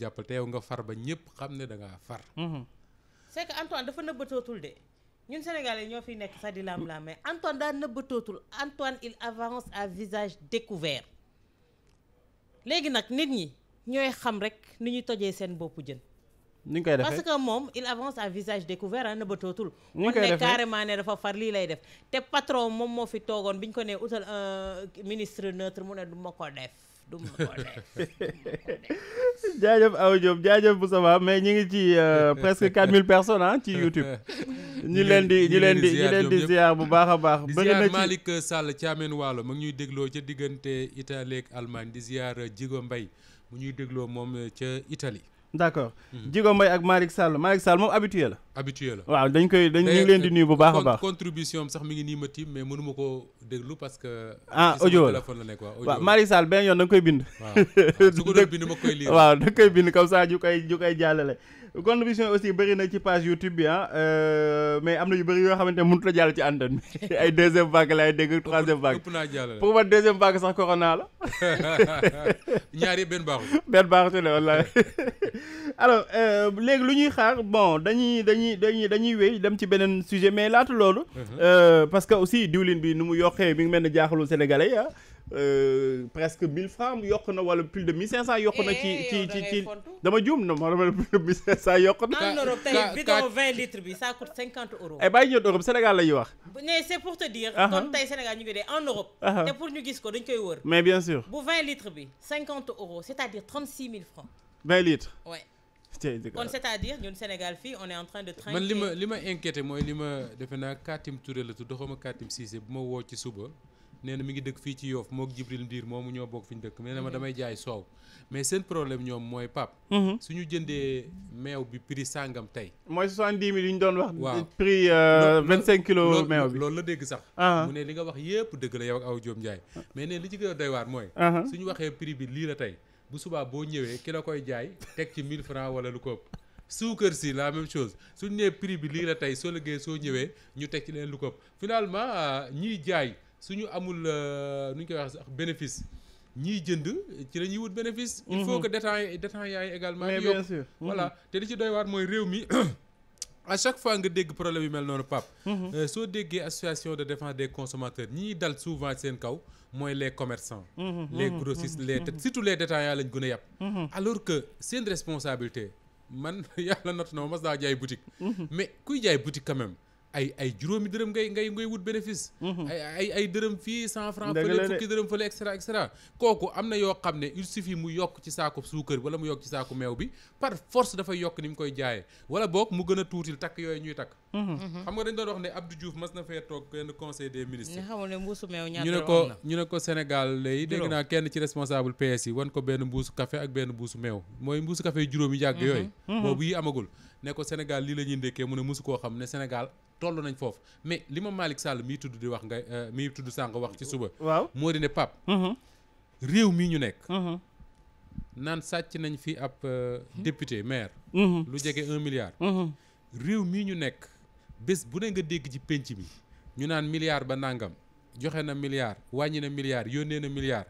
jàppal te yow nga far ba ñëpp xam ne da ngaa far. Mhm. c'est que Antoine dafa nëbbatootul de ñun sénégalais ñoo fi nekk sax di laam-laam mais Antoine daa nëbbatootul Antoine il avance à visage découvert léegi nag nit ñi ñooy xam rek ni ñu tojee seen boppu jën. ni ñu koy defee parce que moom il avance à visage découvert ah nëbbatootul. ni ñu koy ne dafa far lii lay def te patron moom moo fi toogoon biñ ko nee utal un ministre neutre mu ne du ko def. du jaajëf aw Diop jaajëf bu sama mais ñu ngi ci euh, presque 4000 personnes ah ci YouTube. ñu leen di ñu leen di ñu leen di ziar bu baax a baax. bëri na ci di ziar Malick Sall Waalo mu ñuy dégloo ca diggante Italie ak Allemagne di ziar Jigo Mbay mu ñuy dégloo moom ca Italie. d' accord mhm. Djigo Mbaye ak Malick Sall Malick Sall moom habitué la. habitué la waaw dañ koy dañ ñu leen di nuyu bu baax a baax. sax mi ngi nii ma tiim mais mënu ma koo déglu parce que. ah audio la téléphone la nekk waaw. waaw Sall benn yoon da koy bind. waaw su ko doon koy bind comme ça ñu koy ñu koy jàllale. Gonde Vision aussi bëri na ci page YouTube bi ah euh, mais am na yu bëri yoo xamante ne mënut la jàll ci antenne bi ay deuxième vague laay dégg troisième vague pour man deuxième vague sax corona la. ñaar yëpp benn baaxu. benn baaxu la wallaahi alors euh, léegi lu ñuy xaar bon dañuy dañuy dañuy dañuy wéy dem ci beneen sujet mais laata loolu. Uh-huh. Euh, parce que aussi diwlin bi nu mu yokkee mi ngi mel ne jaaxalul Sénégalais ah. Euh, presque 1000 francs yokk na wala plus de 1500 yokk na. ci eh, ci dama juum na ma ne plus de yokk na. en Europe tey bidon 20 litres bi ça eh, Europe Sénégal la wax. mais c' pour te dire. kon uh-huh. tey Sénégal ñu ngi dee en Europe. Uh-huh. te pour ñu gis ko dañ koy wër. mais bien sûr bu 20 litres bi 50 euros c' à dire 36 000 francs. 20 litres c'est-à-dire ñun Sénégal fii on est en train de man li ma li ma inquiété mooy li ma defe naa Katim Touré la bu ma woo ci suba nee mi ngi dëkk fii ci yoof mook Jibril Ndiir moomu ñoo bokk fi ñu dëkk nee na ma damay jaay soow mais seen problème ñoom mooy pap mhm. suñu jëndee meew bi prix sàngam tey mooy soixante-dix mille euh, la dégg sax ah. mu ne li nga wax la yow ak a doy ah. francs lu ko suukar si la même chose suñ nee prix bi lii la tey soo liggéey soo ñëwee ñu teg ci leen lu ko ëpp finalement euh, ñiy jaay suñu amul euh, nu ñu koy wax sax bénéfice ñiy jënd ci la ñuy wut bénéfice il faut mhm. que détail détaillant yi également mais bien sûr mhm. te li ci doy waar mooy réew mi a chaque fois nga dégg problème yu mel noonu Pape mhm. euh, soo déggee association de défense des consommateurs ñi dal souvent seen kaw mooy les commerçants mmh, les grossistes mmh, les mmh. surtout les détaillants a yàpp alors que seen responsabilité man yàlla natt na ma mas naa jaay boutique mais kuy jaay boutique quand ay ay juróomi dërëm ngay ngay ngay wut bénéfice. Mhm. ay ay dërëm fii cent franc. fële fukki dërëm fële et cetera kooku am na yoo xam ne il suffit mu yokk ci saako suukar wala mu yokk ci saako meew bi par force dafay yokk ni mu koy jaayee wala boog mu gën a tuutil takk yooyu ñuy takk. Mm-hmm. Mm-hmm. xam nga dañ doon wax ne Abdou Diouf mas na fee toog benn conseil des ministres. nga xamul ne ñu ne ko ñu ne ko Sénégal lay dégg naa kenn ci responsable PS yi wan ko benn mbuusu café ak benn mbuusu meew mooy mbuusu café yu juróom yi yàgg mm-hmm. yooyu. boobu yi amagul ne ko Sénégal lii la ndékkee mu ne mosu koo xam ne Sénégal toll nañ foofu mais li ma Malick Sall miy tudd di wax nga euh, miy tudd sànq wax ci suba. waaw moo di ne Pape. réew mii ñu nekk. naan sàcc nañ fi ab euh, député maire. lu jege un milliard. réew bés bu ne nga dégg ci pénc bi ñu naan milliard ba nangam joxe na milliard wàññi na milliard yónnee na milliard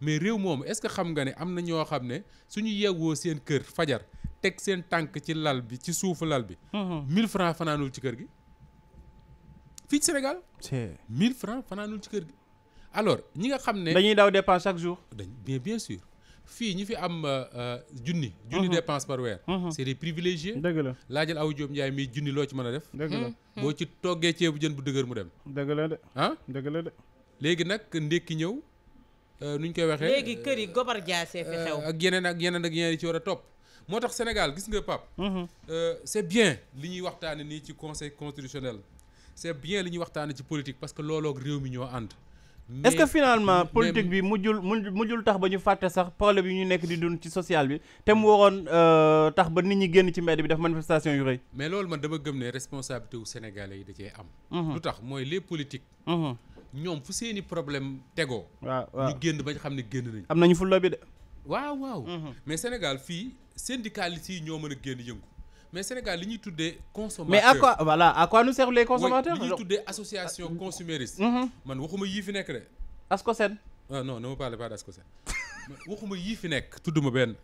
mais réew moomu est-ce que xam nga ne am na ñoo xam ne suñu yeewoo seen kër fajar teg seen tànk ci lal bi ci suufu lal bi. 1000 mhm. francs fanaanul ci kër gi. fii ci Sénégal. c'est 1000 francs fanaanul ci kër gi. alors ñi nga xam ne. dañuy daw dépense chaque jour. dañ bien bien sûr. fii ñi fi am euh, euh, junni. junni dépense par weer. c'est des privilégiés. dëgg la laajal aw Diop Ndiaye mii junni loo ci mën a def. dëgg la mmh. boo ci toggee ceebu jën bu dëgër mu dem. dëgg la de. ah dëgg la de. léegi nag ndékki ñëw euh, nuñ koy waxee. léegi kër yi gobar jaasee fi xew. ak yeneen ak yeneen ak yeneen yi ci war a topp. moo tax Sénégal gis nga Pape. c'est bien li ñuy waxtaanee nii ci conseil constitutionnel. c'est bien li ñuy waxtaanee ci politique parce que looloog réew mi ñoo est ce que finalement politique bi mu jul tax ba ñu fàtte sax problème bi ñu nekk di dund ci social bi te mu waroon euh, tax ba nit ñi génn ci mbedd bi def manifestation yu rëy. mais loolu man dama gëm ne responsabilité wu Sénégalais yi da cee am. Mhm. lu tax mooy les politiques. Mhm. ñoom fu seeni problème tegoo. waaw waaw génn ba xam ne génn nañ am nañu fulla bi de. Mhm. mais Sénégal fii syndicalistes yi ñoo mën a génn yëngu. mais Sénégal li ñuy tuddee consommateur mais à quoi voilà à quoi nous servent les consommateurs li ñuy tuddee ah, mm-hmm. man waxuma yii fi nekk de ASCOSEN ah non ne me waxuma yii fi nekk ma benn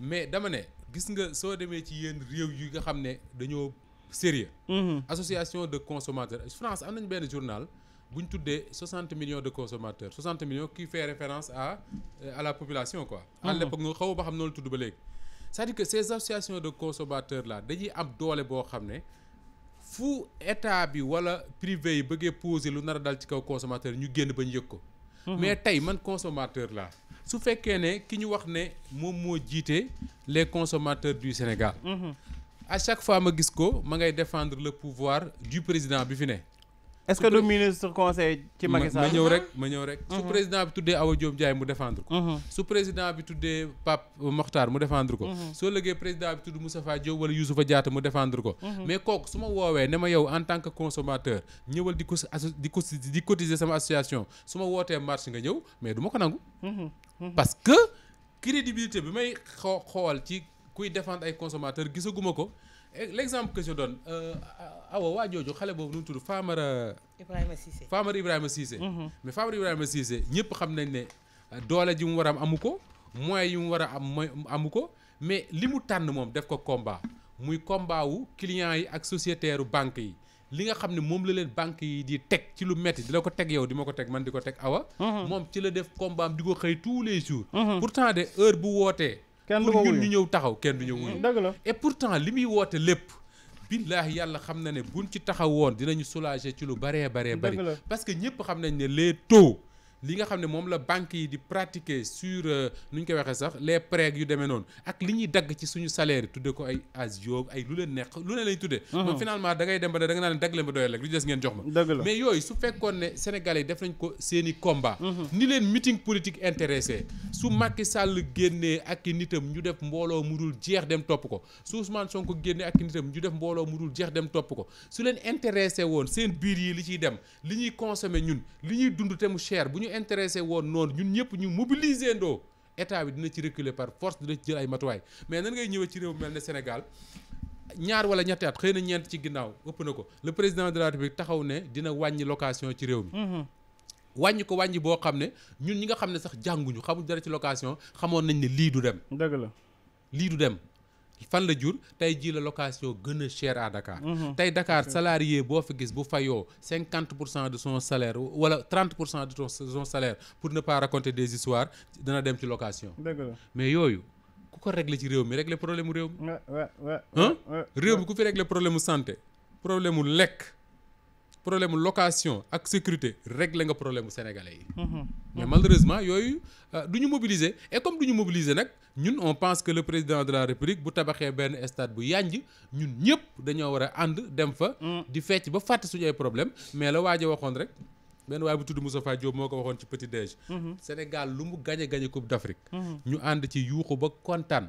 mais dama ne gis nga soo demee ci yéen réew yi nga xam ne dañoo sérieux mm-hmm. association de consommateurs France am nañ benn journal bu ñu tuddee soixante millions de consommateurs soixante millions qui fait référence à euh, à la population quoi à mm-hmm. l'époque nga xaw ba xam noonu tudd ba léegi cest à que ces associations de consommateurs la dañuy am doole boo xam ne fu état bi wala privé yi bëggee poser lu nar dal ci kaw consommateur ñu génn ba ñu yëg ko. Mhm. mais tey man consommateur la su fekkee ne ki ñu wax ne moom moo jiite les consommateurs du Sénégal. Mhm. à chaque fois ma gis ko ma ngay défendre le pouvoir du président bi fi ne. est-ce que du ministre conseil ci Macky Sall ma ñëw rek ma ñëw rek. su mhm. président bi tuddee Awa Diop Ndiaye mu défendre ko. Mhm. su président bi tuddee Pape Mokhtar mu défendre ko. Mhm. soo lëggee président bi tudd Moustapha Diop wala Youssoufa Diatta mu défendre ko. mais kooku su ma woowee ne ma yow en tant que consommateur ñëwal di ko di ko di cotiser sama association su ma wootee marché nga ñëw mais du ma ko nangu. parce que crédibilité bi may xoo xool ci kuy défendre ay consommateurs gisaguma ko. Eh, l'exemple que je donne euh, awa waa jooju xale boobu nu mu tudd Famara. Ibrahima a Famara Ibrahima Cissé. Mhm. mais Famara Ibrahima Cissé xam nañ ne doole ji mu war am amu ko moyens yi mu war a am mooy amu ko mais li mu tànn moom def ko combat muy combat wu yi ak sociétaire banque yi. li nga xam ne moom la leen banque yi di teg ci lu metti di la ko teg yow di ma ko teg man di ko teg awa mhm. moom ci la def combat di ko xëy tous les jours mhm. pourtant de heure bu wootee kenn du pour ñun ñu ñëw taxaw kenn du ñëw wuyu. Mm, dëgg la et pourtant li muy woote lépp. billaahi yàlla xam na ne buñ ci taxawoon dinañu soulager ci lu baree baree. bari parce que ñëpp xam nañ ne les taux. li nga xam ne moom la banque yi di pratiquer sur euh, nu ñu koy waxee sax les prêts yu demee noonu ak li ñuy dagg ci suñu salaire tudde ko ay asio ay lu leen neex lu ne lañ tuddee moom finalement da ngay dem ba da nga naan dagg leen ba doyal rek des ngeen jox ma mais yooyu su fekkoon ne sénégalais yi def nañ ko seen i combat ni leen meeting politique intéressé su Macky Sall génnee ak i nitam ñu def mbooloo mu dul jeex dem topp ko su Ousmane Sonko génnee ak i nitam ñu def mbooloo mu jeex dem topp ko su leen intéressé woon seen biir yi li ciy dem li ñuy consommer ñun li ñuy dund te mu ñu intéressé woon noonu ñun ñëpp ñu mobiliser ndoo état bi dina ci reculer par force dina ci jël ay matuwaay mais nan ngay ñëwee ci réew mel ne Sénégal ñaar wala ñetti at xëy na ñeent ci ginnaaw ëpp na ko le président de la République taxaw ne dina wàññi location ci réew mi. Mm-hmm. wàññi ko wàññi boo xam ne ñun ñi nga xam ne sax jànguñu xamuñ dara ci location xamoon nañ ne lii du dem. dëgg la lii du dem. fan la jur tey jii la location gën cher à Dakar. Mhm. tey Dakar salarié boo fa gis bu fayoo cinquante pour cent de son salaire wala trente pour cent de son salaire pour ne pas raconter des histoires dana dem ci location. mais yooyu ku ko régler ci réew mi régler problème mu réew mi. réew mi ku fi régler problème mu santé problème mu lekk. problème location ak sécurité réglé nga problème mu sénégalais yi. Mhm. mais malheureusement yooyu euh, du ñu mobiliser et comme du ñu mobiliser nag ñun on pense que le président de la république bu tabaxee benn stade bu yànj ñun ñëpp dañoo war a ànd dem fa. Mm. di fecc ba fàtte suñu ay problème mais la waaja waxoon rek. benn waaye bu tudd Moustapha Diop moo ko waxoon ci petit déj. Mhm. Sénégal lu mu gañe gañe coupe d'Afrique. Mhm. ñu ànd ci yuuxu ba kontaan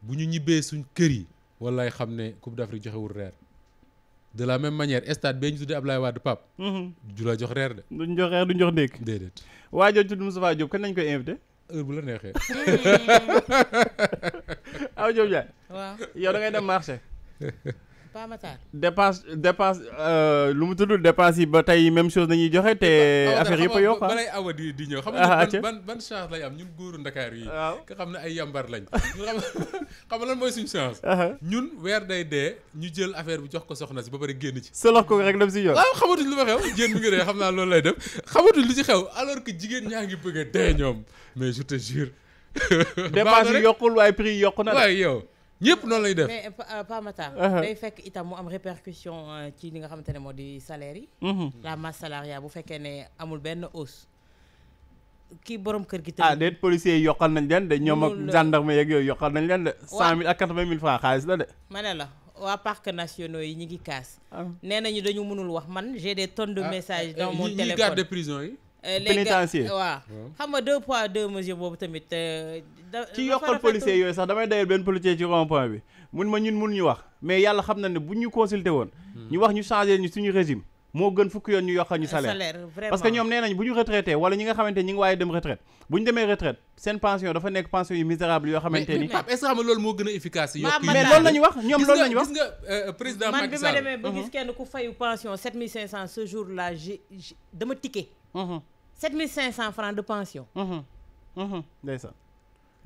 bu ñu ñibbee suñ kër yi. wallaay xam ne coupe d'Afrique joxewul reer. de la même manière stade bee ñu tuddee Ablaye Wade Pape. Mhm. du la jox reer de. duñ jox reer duñ jox ndékk. déedéet. waa jooju tudd Moustapha Diop kan nañ koy invité. heure la neexee. aw Diop Ndiaye. yow da dem marché. Paa Matar dépense dépense euh, lu mu tudd depanse yi ba tey même chose nañuy joxe te ah, affaire yëpp a yokk ah. balay awa di di ñëw xam nga ah, ban ban chance lay am ñun góoru Ndakaar yi waaw xam ne ay yambar lañ xam xam lan mooy suñu chance ñun weer day dee ñu jël affaire bi jox ko soxna si ba pare génn ci solox ko rek dem si yoon waaw xamatuñ lu fa xew jéen mi ngi dee xam naa loolu lay def xamatuñ lu ci xew alors que jigéen ñaa ngi bëgg a dee ñoom mais je te jure dépense yi yokkul prix yi yokk na waaye yow ñëpp noonu lay def mais euh, Pa Matar uh-huh. day fekk itam mu am répercussion euh, ci li nga xamante ne moo di salaire yi mm-hmm. la masse bu fekkee ne amul benn hausse kii borom kër gi ah, tamit ah déet policiers yi yokkal nañ leen de ñoom ak gendarme yeeg yooyu yokkal nañ leen de cent mille ak quatre mille francs xaalis la de ma la waa parc nationaux yi ñu ngi kaas ah. nee nañu dañu mënul wax man j'ai des tonnes de ah, messages dans euh, mon téléphone yi Euh, pénitencier waaw xam nga deux poids deux mesures boobu tamit. ci euh, yokkal policier yooyu sax damay dayal benn policier ci rond bi mun ma ñun mun ñu wax mais yàlla xam na ne bu ñu consulter woon. Hmm. ñu wax ñu changer ñu suñu régime. moo gën fukki yoon ñu yokkal ñu salaire euh, parce que ñoom nee nañ bu ñu retraité wala ñi nga xamante ñi ngi waaye dem retraite bu ñu demee retraite seen pension dafa nekk pension yu misérable yoo xamante ni mais loolu lañu ma demee ba 7500 francs de pension. Mhm. Mhm. ndeysaan.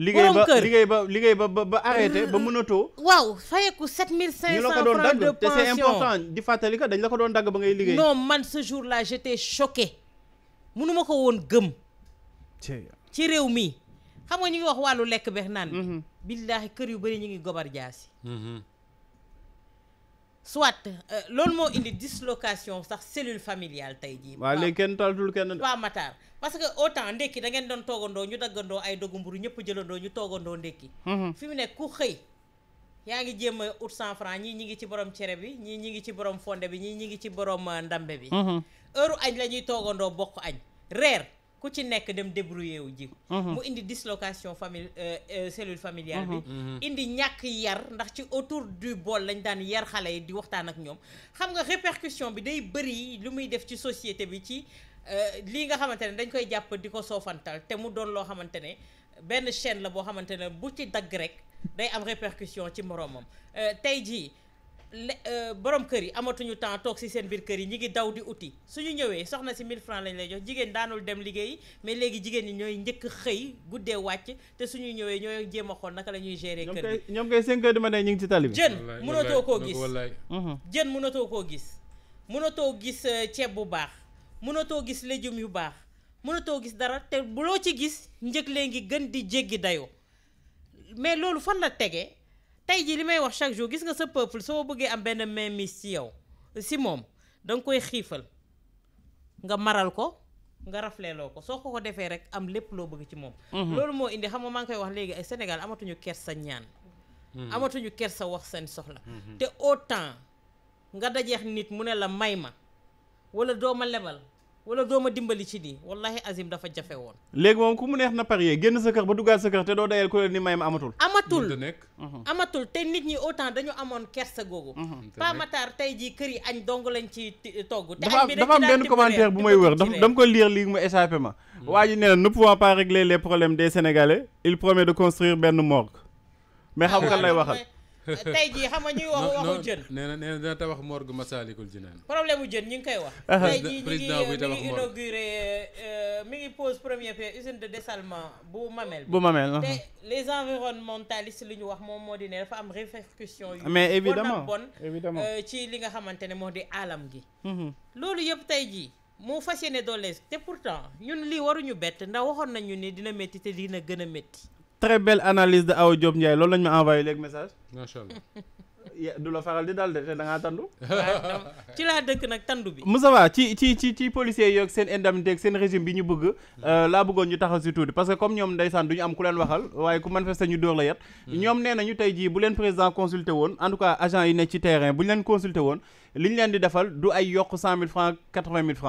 liggéey ba liggéey ba liggéey ba ba arrêté ba euh, mënatoo. waaw fayeku 7500 francs de pension ñu la ko doon dagg te di fàttali dañ la ko doon dagg ba ngay liggéey. non man ce jour là j'étais choqué mënuma ko woon gëm. ci réew mi xam nga ñu ngi wax wàllu lekk beex naan. Mhm. billaahi kër yu bari ñu ngi gobar jaasi. soit euh, loolu moo indi dislocation sax cellule familiale tey jii. waaw léegi kenn taltul kenn. waa Matar parce que autant ndekki da ngeen doon toogandoo ñu daggandoo ay dogu mburu ñëpp jëlandoo ñu toogandoo ndekki. Mhm. fi mu nekk ku xëy. yaa ngi jéem a ut cent franc ñii ñi ngi ci borom cere bi ñii ñi ngi ci borom fonde bi ñii ñi ngi ci borom euh, ndambe bi. Mhm. heure añ la ñuy toogandoo bokk añ reer. ku ci nekk dem débrouiller wu ji mhm. mu indi dislocation famille euh, euh, cellule familiale bi mhm. Mhm. indi ñàkk yar ndax ci autour du bol lañ daan yar xale yi di waxtaan ak ñoom xam nga répercussion bi day bëri lu muy def ci société bi ci euh, lii nga xamante ne dañ koy jàpp di ko soofantal te mu doon loo xamante ne benn chaine la boo xamante ne bu ci dagg rek day am répercussion ci moroomam tey jii Euh, borom kër yi amatuñu temps toog ci seen biir kër yi ñi ngi daw di uti su ñu ñëwee soxna si 1000 francs lañ lay jox jigéen daanul dem liggéeyi mais léegi jigéen ñi ñooy njëkk xëy guddee wàcc te suñu ñëwee ñooy jéem a xool naka la ñuy gérer kër gi ñoom kay seen kër dama ne ñu ngi ci tali bi jën mënatoo koo gis mhm. jën mënatoo koo gis mënatoo gis euh, ceeb bu baax mënatoo gis légumes yu baax mënatoo gis dara te buloo ci gis njëg lee gën di jéggi dayoo mais loolu fan la tegee tey jii li may wax chaque jour gis nga sa peuple soo bëggee am benn mainmise ci yow si moom danga koy xiifal nga maral ko nga rafleeloo ko soo ko ko defee rek am lépp loo bëgg ci moom mhm. loolu moo indi xam nga maa ngi koy wax léegi ay Sénégal amatuñu kersa ñaan mhm. amatuñu ker sa wax seen soxla mhm. te autant nga dajeex nit mu ne la may ma wala dooma lebal wala doo ma dimbali ci nii wallahi azim dafa jafe woon. léegi moom ku mu neex na parier génn sa kër ba duggaat sa kër te doo dayal ku leen ni mayam amatul. amatul mhm. amatul te nit ñi autant dañu amoon kersa googu. Mhm. Pa tey jii kër yi añ dong lañ ci togg. te dafa am dafa am benn commentaire bu may wër dafa dama ko lire lii mu échappé ma. Hmm. waa ji nee na ne pouvant pas régler les problèmes des Sénégalais il promet de construire benn morgue mais xam nga lay waxal. tey jii xam nga ñuy wax waxu jën. nee na nee na dina tabax morgue Massalikul Jinaan. problème mu jën ñu ngi koy wax. tey jii ñu ngi mi ngi inauguré euh, ngi pose première pierre usine de dessalement bu Mamel. bu Mamel. te les environnementalistes li ñu wax moom moo di ne dafa am répercussion yu mais évidemment évidemment euh, ci li nga xamante ne moo di alam gi. Mhm. loolu yëpp tey jii. mu fas yéene doole te pourtant ñun lii waruñu bett ndax waxoon nañu ni dina métti te dina gën a très belle analyse de Awa Diop Ndiaye loolu lañ ma envoyé léegi message. du la faral di daal de te da ngaa tandu. ci laa dëkk nag tandu bi. Moussa ci ci ci ci policiers yi ak seen indemnité ak seen régime bi ñu bëgg. Euh, laa bëggoon ñu taxaw si tuuti parce que comme ñoom ndeysaan du ñu am ku leen waxal waaye ku manifester ñu dóor la yat. Mm. ñoom nee nañu tey jii bu leen président consulter woon en agent yi ne ci terrain bu ñu leen consulter woon li ñu leen di defal